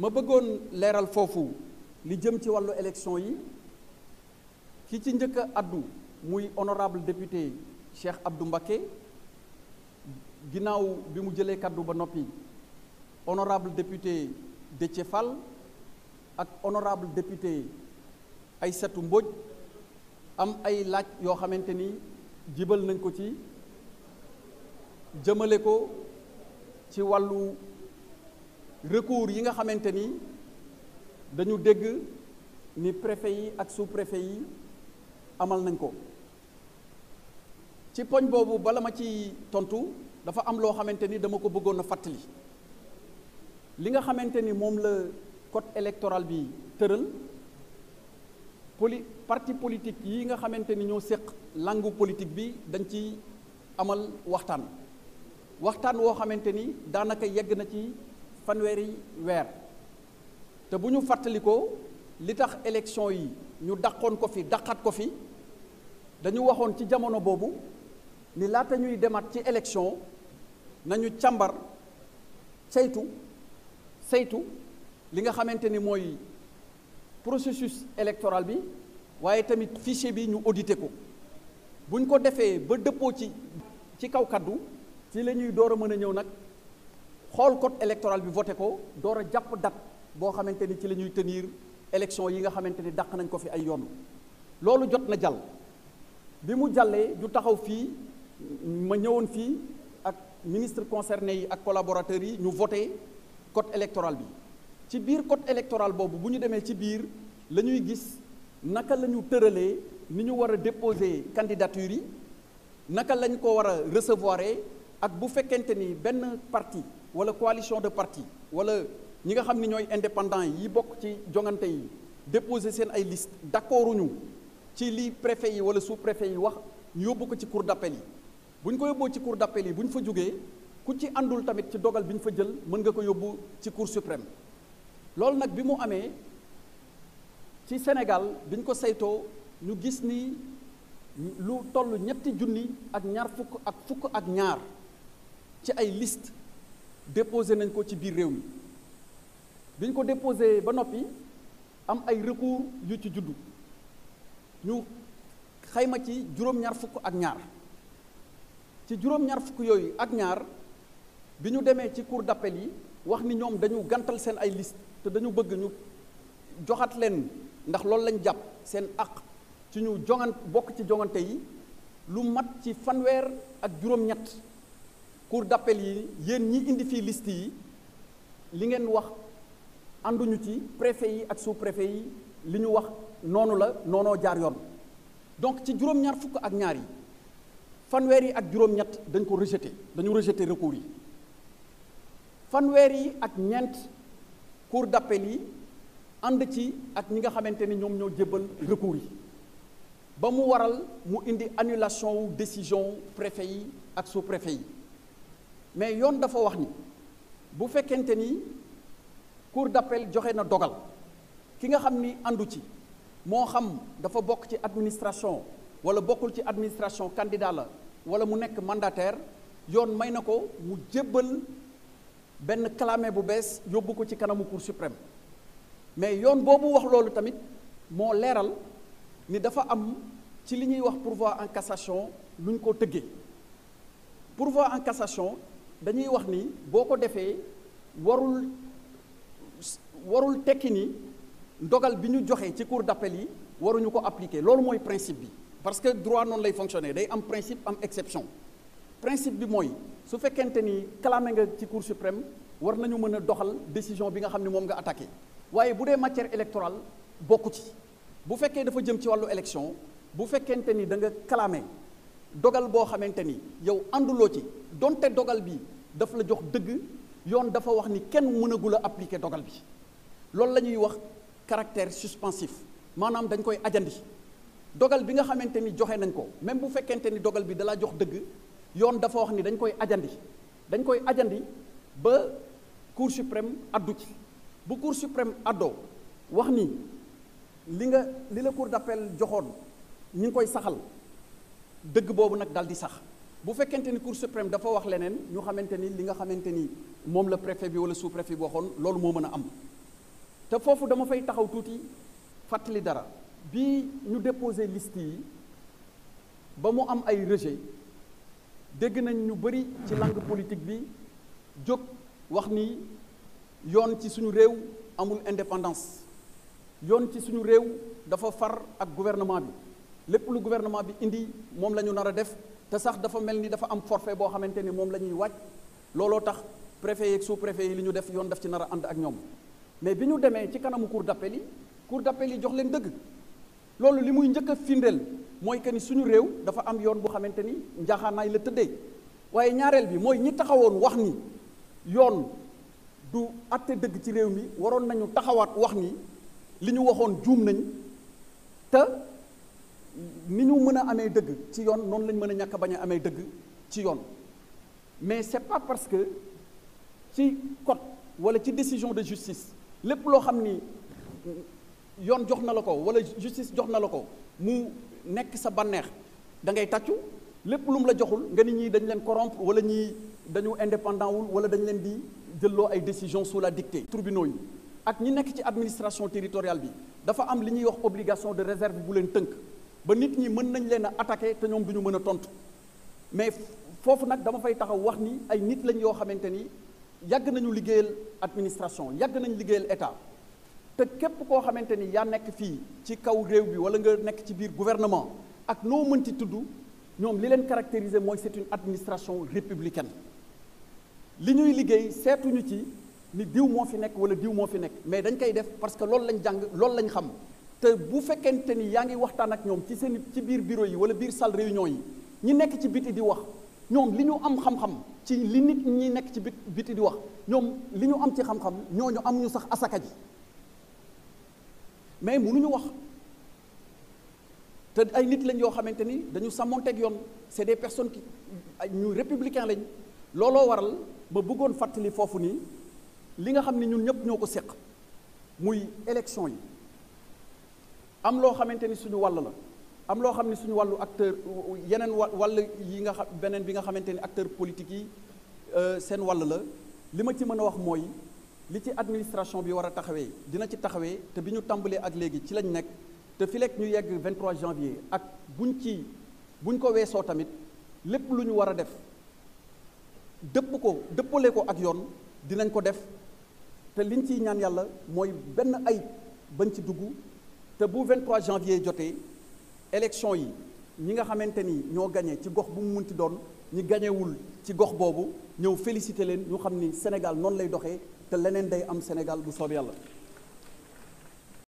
ma bëggoon leeral foofu li jëm ci wàllu élection yi ki ci njëkk a addu muy honorable député Cheikh Abdou Mbacké ginnaaw bi mu jëlee kaddu ba noppi honorable député Déthié fal ak honorable député Aïssatou Mbodj am ay laaj yoo xamante ni jibal nañ ko ci jëmale ko ci wàllu recours yi nga xamante ni dañu dégg ni préfet yi ak sous-préfet yi amal nañ ko ci poñ boobu bala ma ci tontu dafa am loo xamante ni dama ko bëggoon a fàttali li nga xamante ni moom la code électoral bi tëral poli parti politique yi nga xamante ni ñoo séq langue politique bi dañ ci amal waxtaan waxtaan woo xamante ni daanaka yegg na ci fanweeri weer te bu ñu fàttalikoo li tax élection yi ñu dàqoon ko fi dàqat ko fi dañu waxoon ci jamono boobu ni laata ñuy demaat ci élection nañu càmbar saytu saytu li nga xamante ni mooy processus électoral bi waaye tamit fichier bi ñu audité ko buñ ko defee ba dëppoo ci ci kaw kàddu ci la ñuy door a mën a ñëw nag xool code électoral bi voté ko door a jàpp date boo xamante ni ci la ñuy tenir élection yi nga xamante ni dàq nañ ko fi ay yoon loolu jot na jàll bi mu jàllee ju taxaw fii ma ñëwoon fii ak ministre concerné yi ak collaborateurs yi ñu voté code électoral bi ci biir code électoral boobu bu ñu demee ci biir la ñuy gis naka la ñu tëralee ni ñu war a déposer candidature yi naka lañ ko war a recevoir ak bu fekkente ni benn partie wala coalition de parti wala ñi nga xam ni ñooy indépendant yi bokk ci jongante yi déposer seen ay liste d'accorduñu ci li préfet yi wala sous-préfet yi wax ñu yóbbu ko ci cour d'appel yi buñ ko yóbboo ci cour d'appel yi bu ñu fa jógee ku ci àndul tamit ci dogal bi ñu fa jël mën nga ko yóbbu ci cour suprême loolu nag bi mu amee ci Sénégal bi ko saytoo ñu gis ni lu toll ñetti junni ak ñaar fukk ak fukk ak ñaar ci ay liste déposé nañ ko ci biir réew mi biñ ko déposé ba noppi am ay recours yu ci juddu ñu xayma ci juróom-ñaar fukk ak ñaar ci juróom-ñaar fukk yooyu ak ñaar bi ñu demee ci cour d'appel yi wax ni ñoom dañu gantal seen ay liste te dañu bëgg ñu joxat leen ndax loolu lañ jàpp seen àq ci ñu jongan bokk ci jongante yi lu mat ci fanweer ak juróom-ñett cour d'appel yi yéen ñi indi fii liste yi li ngeen wax ànduñu ci préfet yi ak sous-préfet yi li ñu wax noonu la noonoo jaar yoon donc ci juróom-ñaar fukk ak ñaar yi fanweer yi ak juróom-ñett dañ ko rejeté dañu rejeté recours yi fanweer yi ak ñeent cour d'appel yi ànd ci ak ñi nga xamante ni ñoom ñoo jébbal recours yi ba mu waral mu indi annulation wu décision préfet yi ak sous-préfet yi mais yoon dafa wax ni bu fekkente ni cour d'appel joxe na dogal ki nga xam ni àndu ci moo xam dafa bokk ci administration wala bokkul ci administration candidat la wala mu nekk mandataire yoon may na ko mu jébbal benn clamé bu bees yóbbu ko ci kanamu cour suprême mais yoon boobu wax loolu tamit moo leeral ni dafa am ci li ñuy wax pourvoi en cassation luñ ñu ko tëggee pourvoi en cassation dañuy wax ni boo ko defee warul warul tekki ni dogal bi ñu joxee ci cour d'appel yi waruñu ko appliquer loolu mooy principe bi parce que droit noonu lay fonctionner day am principe am exception principe bi mooy su fekkente ni clamé nga ci cour suprême war nañu mën a doxal décision bi nga xam ne moom nga attaqué waaye bu dee matière électorale bokku ci bu fekkee dafa jëm ci wàllu élection bu fekkente ni da nga clamé dogal boo xamante ni yow ànduloo ci donte dogal bi dafa la jox dëgg yoon dafa wax ni kenn mënagul a appliquer dogal bi loolu la ñuy wax caractère suspensif maanaam dañ koy ajandi dogal bi nga xamante ni joxe nañ ko même bu fekkente ni dogal bi dala jox dëgg yoon dafa wax ni dañ koy ajandi dañ koy ajandi ba cour suprême addu ci bu cour suprême addoo wax ni li nga li la cour d'appel joxoon ñu ngi koy saxal dëgg boobu nag dal di sax bu fekkente ni cour suprême dafa wax leneen ñu xamante ni li nga xamante ni moom la préfet bi wala sous préfet bi waxoon loolu moo mën a am te foofu dama fay taxaw tuuti fàttali dara bi ñu déposé liste yi ba mu am ay rejet dégg nañ ñu bëri ci langue politique bi jóg wax ni yoon ci suñu réew amul indépendance yoon ci suñu réew dafa far ak gouvernement bi lépp lu gouvernement bi indi moom la ñu nar a def te sax dafa mel ni dafa am forfait boo xamante ni moom la ñuy wàcc looloo tax préfet yeeg sous préfet yi li ñu def yoon def ci nar a ànd ak ñoom mais bi ñu demee ci kanamu cour d'appel li cour d'appel li jox leen dëgg loolu li muy njëkk a firndeel mooy que ni suñu réew dafa am yoon bu xamante ni njaaxaanaay la tëddee waaye ñaareel bi mooy ñi taxawoon wax ni yoon du àtte dëgg ci réew mi waroon nañu taxawaat wax ni li ñu waxoon juum nañ te. ni ñu mën a amee dëgg ci yoon noonu lañ mën a ñàkk bañ a amee dëgg ci yoon mais c'est pas parce que ci code wala ci décision de justice lépp loo xam ni yoon jox na la ko wala justice jox na la ko mu nekk sa bànneex da ngay tàccu lépp lu la joxul nga ni ñii dañ leen corrompre wala ñii dañu indépendant wul wala dañ leen di jël loo ay décision sous la dictée tribunaux yi ak ñi nekk ci administration territoriale bi dafa am li ñuy wax obligation de réserve bu leen tënk ba nit ñi mën nañ leen a attaqué te ñoom bi ñu mën a tontu mais foofu nag dama fay taxaw wax ni ay nit lañ yoo xamante ni yàgg nañu liggéeyal administration yàgg nañu liggéeyal état te képp koo xamante ni yaa nekk fii ci kaw réew bi wala nga nekk ci biir gouvernement ak noo mënti tudd ñoom li leen caractériser mooy c'est une administration républicaine li ñuy liggéey seetuñu ci ni diw moo fi nekk wala diw moo fi nekk mais dañ koy def parce que loolu lañ jàng loolu lañ xam te bu fekkente ni yaa ngi waxtaan ak ñoom ci seen ci biir bureau yi wala biir salle réunion yi ñi nekk ci biti di wax ñoom li ñu am xam-xam ci li nit nekk ci biti di wax ñoom li ñu am ci xam ñooñu am ñu sax asaka ji mais mënuñu wax te ay nit lañ yoo xamante ni dañu teg yoon c'est des personnes qui ñu républicain lañ looloo waral ma bëggoon fàttali foofu nii li nga xam ne ñun ñëpp ñoo ko seq muy élection yi. am loo xamante ni suñu wàll la am loo xam ni suñu wàllu acteur yeneen wa wàll yi nga xam beneen bi nga xamante ni acteur politique yi euh, seen wàll la li ma ci mën a wax mooy li ci administration bi war a taxawee dina ci taxawee te bi ñu tàmbalee ak léegi ci lañ nekk te fi lekk ñu yegg 23 janvier ak buñ ci buñ ko weesoo tamit lépp lu ñu war a def dëpp ko dëppale ko ak yoon dinañ ko def te liñ ciy ñaan yàlla mooy benn ayib bañ ci dugg te bu 23 janvier jotee élection yi ñi nga xamante ni ñoo gañee ci gox bu mu munti doon ñi gañewul ci gox boobu ñëw félicité leen ñu xam ni Sénégal noonu lay doxee te leneen day am Sénégal bu soob yàlla